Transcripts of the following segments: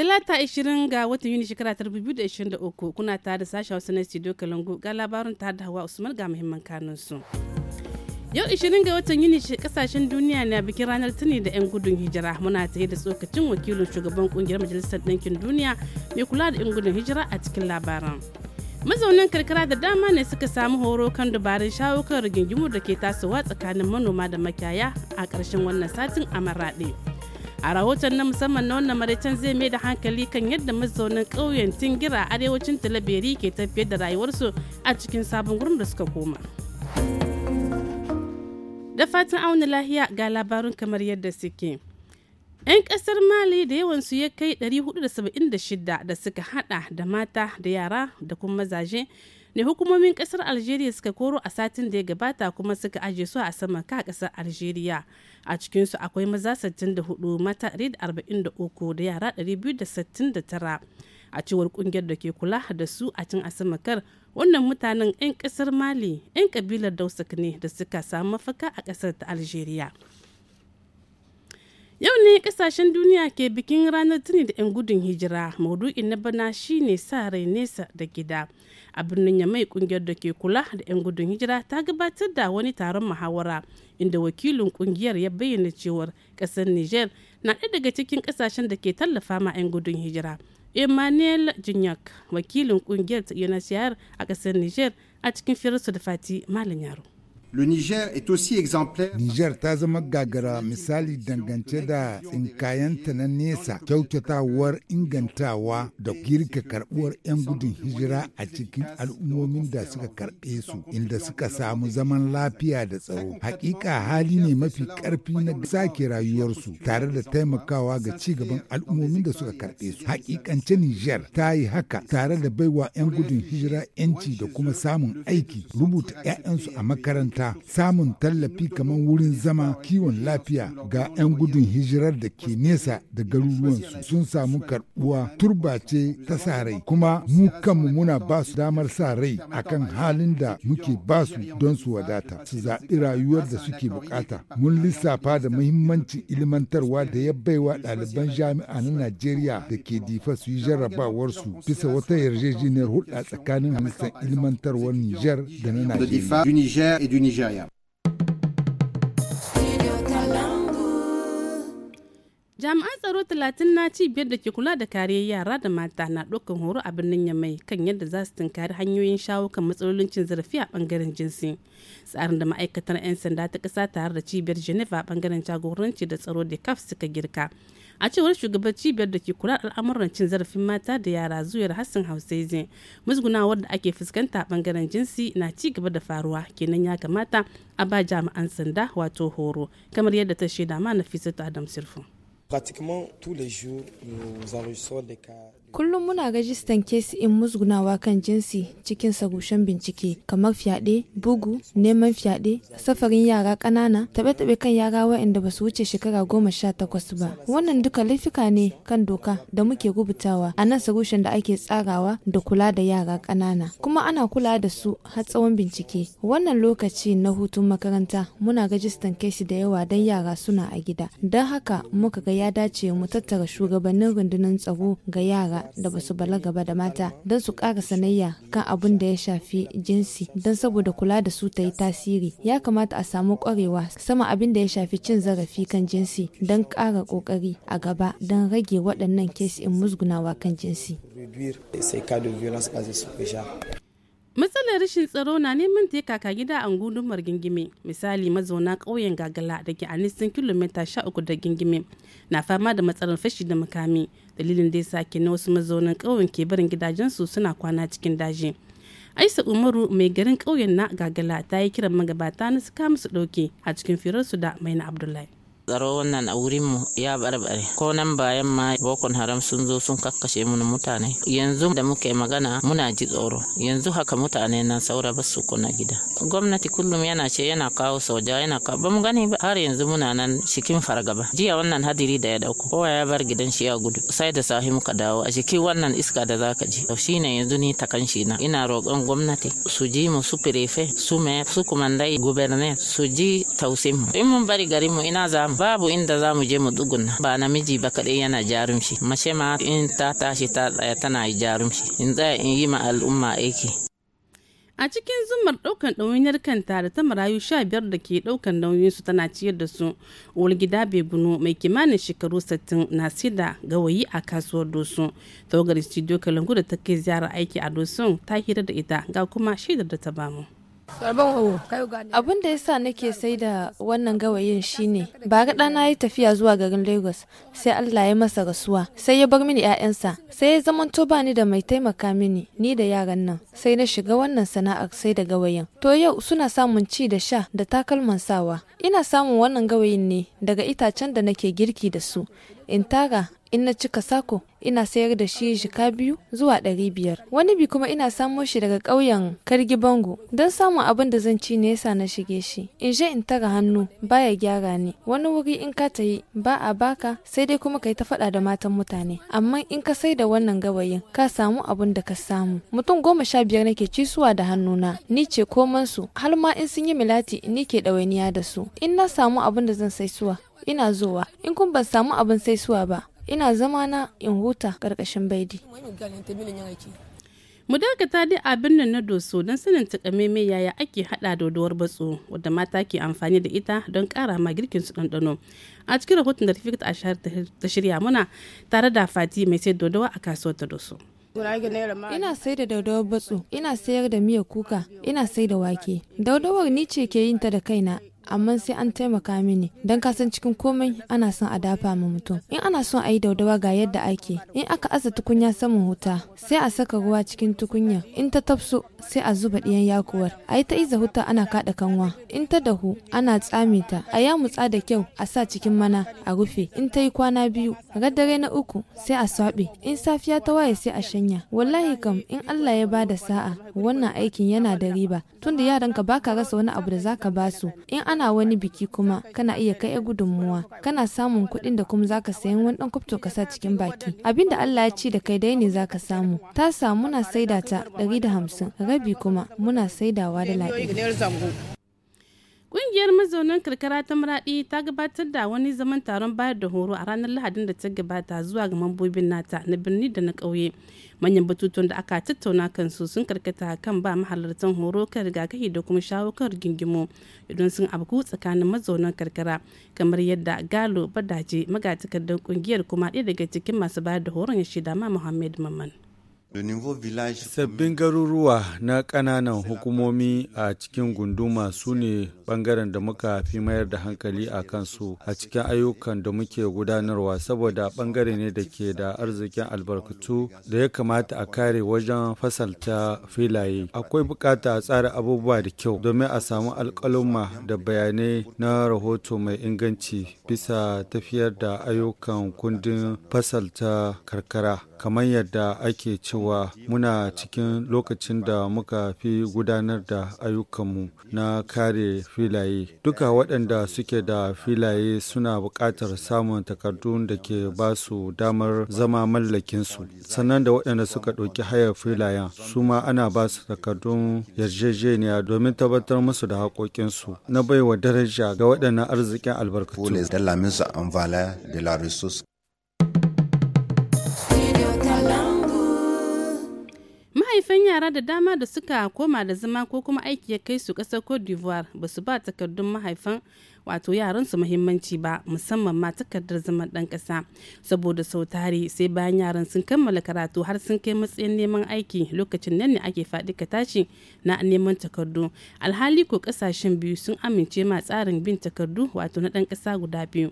Talata 20 ga watan Yuni shekara 2023 kuna tare da sashen wasu na Studio Kalangu ga labarin tare da Hawa Usman ga muhimman kanun su. Yau 20 ga watan Yuni kasashen duniya na bikin ranar tuni da 'yan gudun hijira muna tare da tsokacin wakilin shugaban kungiyar Majalisar Ɗinkin Duniya mai kula da 'yan gudun hijira a cikin labaran. Mazaunin karkara da dama ne suka samu horo kan dabarun shawo kan rigingimu da ke tasowa tsakanin manoma da makiyaya a ƙarshen wannan satin a maraɗe. a rahoton na musamman na wannan maraicen zai mai da hankali kan yadda mazaunan ƙauyen tingira arewacin talaberi ke tafiyar da rayuwarsu a cikin sabon gurin da suka koma da fatan auna lahiya ga labarun kamar yadda suke 'yan kasar mali da yawansu ya kai 476 da suka hada da mata da yara da kuma mazaje ne hukumomin kasar algeria suka koro a satin da ya gabata kuma suka aje su a sama ka kasar algeria a cikinsu akwai maza 64 mata 143 da yara 269 a cewar kungiyar da ke kula da su a cin asamakar wannan mutanen 'yan kasar mali 'yan kabilar dausak ne da suka samu mafaka a kasar ta algeria Yau ne kasashen duniya ke bikin ranar tuni da 'yan gudun hijira maudu'in na bana shine sa rai nesa da gida. A birnin Yamai kungiyar da ke kula da 'yan gudun hijira ta gabatar da wani taron muhawara inda wakilin kungiyar ya bayyana cewa kasar Nijar na ɗaya daga cikin kasashen da ke tallafa ma 'yan gudun hijira. Emmanuel Jinyak wakilin kungiyar UNHCR a kasar Nijar a cikin firarsu da Fati Malam Yaro. le Niger est aussi exemplaire. Niger ta zama gagara misali dangance da tsinkayenta na nesa, kyautatawar ingantawa da girka karbuwar 'yan gudun hijira a cikin al'ummomin da suka karɓe su inda suka samu zaman lafiya da tsaro. Hakika hali ne mafi ƙarfi na sake rayuwarsu tare da taimakawa ga ci gaban al'ummomin da suka karɓe su. Hakikance Niger ta yi haka tare da baiwa 'yan gudun hijira 'yanci da kuma samun aiki, rubuta 'ya'yansu a makaranta mata samun tallafi kamar wurin zama kiwon lafiya ga 'yan gudun hijirar da ke nesa da garuruwansu sun samu karbuwa turba ce ta sa rai kuma mu kanmu muna ba su damar sa rai akan halin da muke ba su don su wadata su zaɓi rayuwar da suke bukata mun lissafa da muhimmancin ilmantarwa da ya baiwa ɗaliban jami'a na najeriya da ke difa su yi jarrabawarsu bisa wata yarjejeniyar hulɗa tsakanin ministan ilmantarwar nijar da na najeriya Nijaya. jami'an tsaro talatin na cibiyar da ke kula da kare yara da mata na ɗaukar horo a birnin yamai kan yadda za su tunkari hanyoyin shawo kan matsalolin cin zarafi a ɓangaren jinsi tsarin da ma'aikatar 'yan sanda ta ƙasa tare da cibiyar geneva a bangaren jagoranci da tsaro da kaf suka girka a cewar shugaban cibiyar da ke kula al'amuran cin zarafin mata da yara zuyar hassan hausaizin musgunawar da ake fuskanta bangaren jinsi na ci gaba da faruwa kenan ya kamata a ba jami'an sanda wato horo kamar yadda ta shaida ma nafisatu adam sirfu Kullum muna rajistan kesi in musgunawa kan jinsi cikin sagushen bincike kamar fyaɗe, bugu, neman fyaɗe, safarin yara ƙanana, taɓe-taɓe kan yara waɗanda ba su wuce shekara goma sha takwas ba. Wannan duka laifuka ne kan doka da muke rubutawa a nan sagushen da ake tsarawa da kula da yara ƙanana. Kuma ana kula da su har tsawon bincike. Wannan lokaci na hutun makaranta muna rajistan kesi da yawa don yara suna a gida. Don haka muka ga ya dace mu tattara shugabannin rundunar tsaro ga yara da da basu balaga ba da mata don su ƙara sanayya kan abin da ya shafi jinsi don saboda kula da su ta yi tasiri ya kamata a samu kwarewa sama abin da ya shafi cin zarafi kan jinsi don ƙara ƙoƙari a gaba don rage waɗannan kesi in musgunawa kan jinsi. matsalar rashin tsaro na neman ta kaka gida a gudunmar gingime misali mazauna ƙauyen gagala da ke a nisan kilomita 13 da gingime na fama da matsalar fashi da makami dalilin da ya na wasu mazaunan ƙauyen ke barin gidajensu suna kwana cikin daji aisa umaru mai garin ƙauyen na gagala ta yi kiran magabata na su kama su ɗauke a cikin firarsu da maina abdullahi tsaro wannan a wurinmu ya barbare ko nan bayan ma bokon haram sun zo sun kakkashe mu mutane yanzu da muke magana muna ji tsoro yanzu haka mutane na saura ba su kuna gida gwamnati kullum yana ce yana kawo soja yana kawo ba mu gani ba har yanzu muna nan cikin fargaba jiya wannan hadiri da ya dauko kowa ya bar gidan shi ya gudu sai da sahi muka dawo a jiki wannan iska da zaka ji to shine yanzu ni takan shi na ina roƙon gwamnati su ji mu su firefe su me su kumandai gouverneur su ji tausin mu in mun bari garinmu mu ina za mu babu inda za mu je mu tsuguna ba namiji ba kadai yana jarumshi. mace ma in ta tashi ta tsaya tana yi jarumci in tsaya in yi ma al'umma aiki a cikin zumar daukan ɗawainiyar kanta da ta marayu sha biyar da ke daukan su tana ciyar da su gida beguno mai kimanin shekaru sittin na sida gawayi a kasuwar dosu tawagar studio kalangu da ta kai ziyara aiki a dosun ta hira da ita ga kuma shaidar da ta bamu. abin da yasa nake sai da wannan gawayin shine ba ga ɗana ya tafiya zuwa garin lagos sai allah ya masa rasuwa sai ya bar mini 'ya'yansa sai ya zamanto ba ni da mai taimaka mini ni da yaran nan sai na shiga wannan sana'ar sai da gawayin to yau suna samun ci da sha da takalman sawa ina samun wannan gawayin ne daga itacen da nake girki da su in tara in na cika sako ina sayar da shi shika biyu zuwa ɗari biyar wani bi kuma ina samo shi daga ƙauyen kargi bango don samun abin da zan ci nesa na shige shi in je in tara hannu baya gyara ne wani wuri in ka tayi ba a baka sai dai kuma kai ta faɗa da matan mutane amma in ka sai da wannan gawayin ka samu abin da ka samu mutum goma sha biyar nake cisuwa da hannuna ni ce koman su har ma in sun yi milati ni ke ɗawainiya da su in na samu abin da zan sai suwa ina zuwa in kun ban samu abin sai suwa ba ina zama na in huta karkashin baidi. mu dakata dai abin nan na doso don sanin takamaimai yaya ake hada dodowar batso wadda mata ke amfani da ita don kara ma girkin su ɗanɗano a cikin rahoton da tafi ta shirya muna tare da fati mai sai dodowa a kasuwar ta doso ina sai da daudawar batso ina sayar da miya kuka ina sai da wake daudawar ni ce ke yin ta da kaina amma sai an taimaka mini don kasan cikin komai ana son a dafa ma mutum in ana son a yi daudawa ga yadda ake in aka aza tukunya saman huta sai a saka ruwa cikin tukunya in ta tafso sai a zuba ɗiyan yakuwar a yi ta iza huta ana kaɗa kanwa in ta dahu ana tsame ta a yamutsa da kyau a sa cikin mana a rufe in ta yi kwana biyu a dare na uku sai a saɓe. in safiya ta waye sai a shanya wallahi kam in Allah ya bada sa'a wannan aikin yana da riba tunda yaranka baka rasa wani abu da zaka basu in an kana wani biki kuma kana iya kai gudunmuwa kana samun kuɗin da kuma zaka sayan wani dan kwafto kasa cikin baki abinda Allah ya ci da kai dai ne zaka samu ta samu muna saida ta 150 rabi kuma muna saidawa da lafiya kungiyar mazaunan karkara ta Maraɗi ta gabatar da wani zaman taron bayar da horo a ranar Lahadin da ta gabata zuwa ga mambobin nata na birni da na ƙauye. Manyan batutuwan da aka tattauna kansu sun karkata kan ba mahalartan horo kan rigakafi da kuma shawo kan rigingimu idan sun abku tsakanin mazaunan karkara kamar yadda Galo Badaje magatakardar ƙungiyar kuma ɗaya daga cikin masu bayar da horon ya shaida ma Muhammad Mamman. Sabbin garuruwa na ƙananan hukumomi a cikin gunduma su ne ɓangaren da muka fi mayar da hankali a kansu a cikin ayyukan da muke gudanarwa saboda ɓangare ne da ke da arzikin albarkatu da ya kamata a kare wajen fasalta filaye. Akwai bukata a tsara abubuwa da kyau domin a samu alƙaluma da bayanai na rahoto mai inganci bisa tafiyar da ayyukan kundin fasalta karkara kamar yadda ake cewa cewa muna cikin lokacin da muka fi gudanar da ayyukanmu na kare filaye. Duka waɗanda suke da filaye suna buƙatar samun takardun da ke ba su damar zama mallakinsu. Sannan da waɗanda suka ɗauki hayar filayen su ma ana ba su takardun yarjejeniya domin tabbatar musu da haƙoƙinsu na baiwa daraja ga waɗannan arzikin albarkatu. mahaifan yara da dama da suka koma da zama ko kuma aiki ya kai su ƙasar cote d'ivoire ba su ba takardun mahaifan wato su muhimmanci ba musamman ma takardar zaman ɗan ƙasa saboda sau tare sai bayan yaran sun kammala karatu har sun kai matsayin neman aiki lokacin nan ne ake faɗi ka tashi na neman takardu alhali ko ƙasashen biyu sun amince ma tsarin bin takardu wato na ɗan kasa guda biyu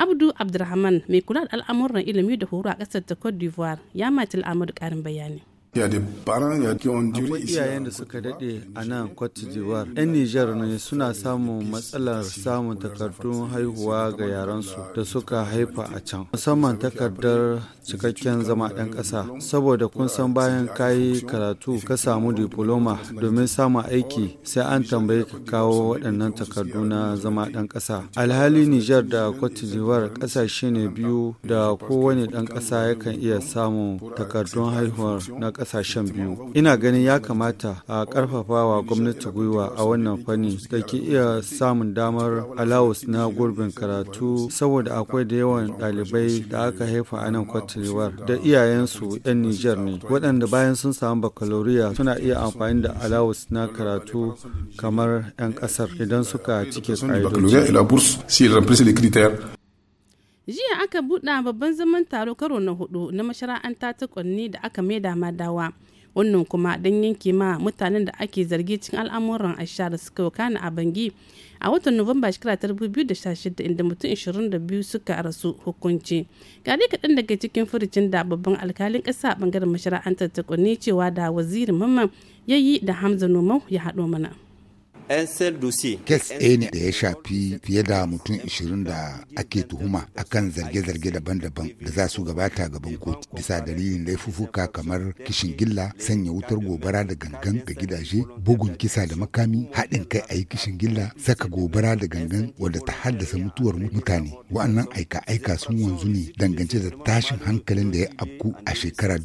abdu abdurrahman mai kula da al'amuran ilimi da horo a ƙasar ta cote d'ivoire ya mati al'amur ƙarin bayani Akwai iyayen da suka daɗe a nan Cote d'Ivoire. 'Yan Nijar ne suna samun matsalar samun takardun haihuwa ga yaransu da suka haifa a can. Musamman takardar cikakken zama ɗan ƙasa. Saboda kun san bayan kayi karatu ka samu diploma domin samun aiki sai an tambaye ka kawo waɗannan takardu na zama ɗan ƙasa. Alhali Nijar da Cote d'Ivoire ƙasashe ne biyu da kowane ɗan ƙasa yakan iya samun takardun haihuwar na ƙasashen biyu. Ina ganin ya kamata a wa gwamnati gwiwa a wannan fanni da ke iya samun damar alawus na gurbin karatu saboda akwai da yawan ɗalibai da aka haifa a nan kwatirewar da iyayensu 'yan Nijar ne waɗanda bayan sun samu bakaloriya suna iya amfani da alawus na karatu kamar 'yan kasar idan suka cike ƙa'idoji. jiya aka buɗa babban zaman taro karo na hudu na mashara'anta ta kwanni da aka maida madawa wannan kuma don yanke ma mutanen da ake zargi cikin al'amuran ashar suka wakana a bangi a watan nuwamba shekara ta 2016 inda mutum 22 suka rasu hukunci gari kaɗan daga cikin furucin da babban alkalin ƙasa bangaren mashara'anta ta kwanni cewa da wazirin mamman yayi da hamza nomau ya haɗo mana. kes ɗaya ne da ya shafi fiye da mutum 20 da ake tuhuma akan zarge-zarge daban-daban da za su gabata gaban kotu bisa dalilin laifuffuka kamar kishin gilla sanya wutar gobara da gangan ga gidaje bugun kisa da makami haɗin kai a yi kishin gilla saka gobara da gangan wadda ta haddasa mutuwar mutane wa'annan aika-aika sun wanzu ne dangance da tashin hankalin da ya afku a shekara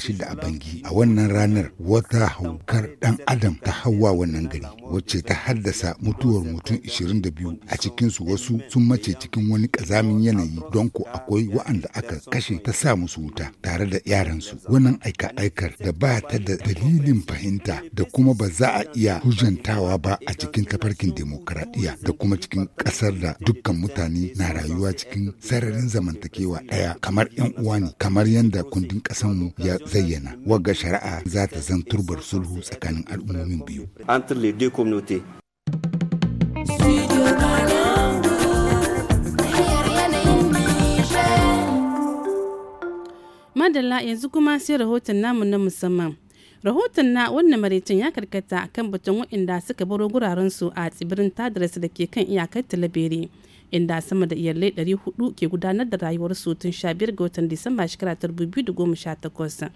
shida a bangi a wannan ranar wata haukar ɗan adam ta hawa wannan gari wacce ta haddasa mutuwar mutum 22 a cikinsu wasu sun mace cikin wani kazamin yanayi don ko akwai wa'anda aka kashe ta sa musu wuta tare da yaransu wannan aika-aikar da ba ta da dalilin fahimta da kuma ba za a iya hujjantawa ba a cikin tafarkin demokaradiyya da kuma cikin ƙasar da dukkan mutane na rayuwa cikin sararin zamantakewa ɗaya kamar 'yan uwa ne kamar yadda kundin ƙasar mu ya zayyana wagga shari'a za ta zan turbar sulhu tsakanin al'ummomin biyu. communauté. Madalla yanzu kuma sai rahoton namu na musamman. Rahoton na wannan maraicin ya karkata kan batun waɗanda suka baro su a tsibirin Tadras da ke kan iyakar Talabere. inda sama da iyalai 400 ke gudanar da su tun 15 ga watan Disamba shekara 2018.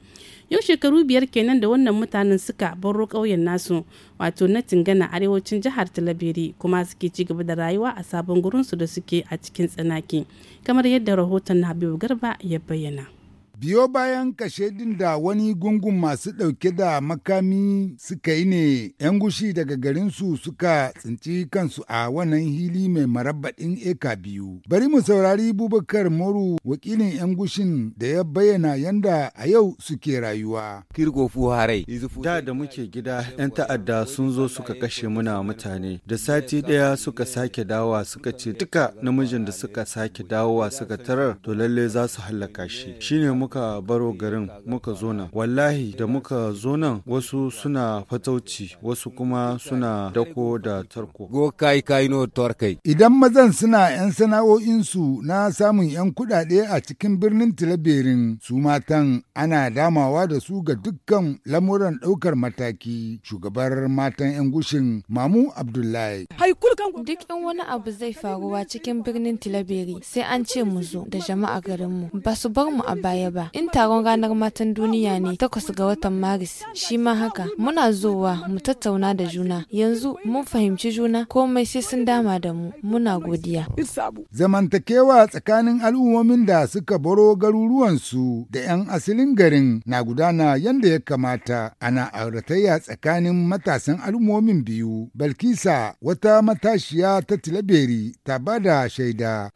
Yau shekaru biyar kenan da wannan mutanen suka baro ƙauyen nasu wato na Tingana arewacin jihar Talabiri kuma suke ci gaba da rayuwa a sabon gurinsu da suke a cikin tsanaki kamar yadda rahoton Habibu Garba ya bayyana. Biyo bayan kashe kashedin da wani gungun masu ɗauke da makami suka yi ne, ‘yan gushi daga garinsu suka tsinci kansu a wannan hili mai marabbaɗin eka biyu. Bari mu saurari Bubakar Moru wakilin ‘yan gushin da ya bayyana yanda a yau suke rayuwa. Kirgo Fuharai. Da da muke gida, ‘yan ta'adda sun zo suka kashe muna mutane. Da sati ɗaya suka sake dawowa suka ce duka namijin da suka sake dawowa suka tarar to lalle za su hallaka shi. Shine muka baro garin muka zo wallahi da muka zo nan wasu suna fatauci wasu kuma suna dako da tarko go kai kai no torkai idan mazan suna yan sana'o'insu na samun yan kudade a cikin birnin tilaberin su matan ana damawa da su ga dukkan lamuran daukar mataki shugabar matan yan gushin mamu abdullahi duk in wani abu zai faruwa cikin birnin tilaberi sai an ce mu zo da jama'a garinmu ba su bar mu a baya ba in taron ranar matan duniya ne takwas ga watan maris shi ma haka muna zowa mu tattauna da juna yanzu mun fahimci juna komai sai sun dama da mu muna godiya zamantakewa tsakanin al'ummomin da suka baro garuruwansu da 'yan asalin garin na gudana yadda ya kamata ana auratayya tsakanin matasan al'ummomin biyu balkisa wata matashiya ta tilaberi ta bada shaida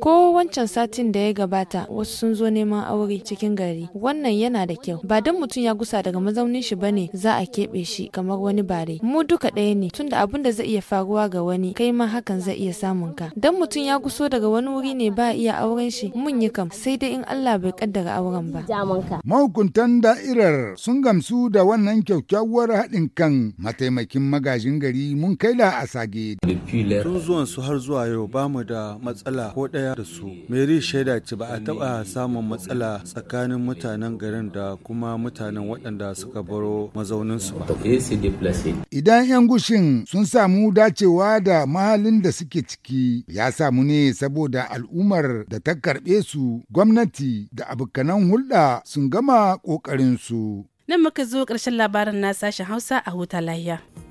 ko wancan satin da ya gabata wasu sun zo neman aure cikin gari wannan yana da kyau ba don mutum ya gusa daga mazaunin shi bane za a keɓe shi kamar wani bare mu duka ɗaya ne tunda abin da zai iya faruwa ga wani kai ma hakan zai iya samun ka don mutum ya guso daga wani wuri ne ba iya auren shi mun yi kam sai dai in Allah bai kaddara auren ba mahukuntan da'irar sun gamsu da wannan kyakkyawar haɗin kan mataimakin magajin gari mun kai da a sage tun zuwan su har zuwa yau ba mu da matsala ko ɗaya da su mary shaida ce ba a taɓa samun matsala tsakanin mutanen garin da kuma mutanen waɗanda suka baro mazauninsu ba. Idan 'yan gushin sun samu dacewa da mahalin da suke ciki ya samu ne saboda al'ummar da ta karɓe su gwamnati da abokanan hulɗa sun gama ƙoƙarinsu. Nan muka zo ƙarshen labarin na sashen Hausa a huta lahiya.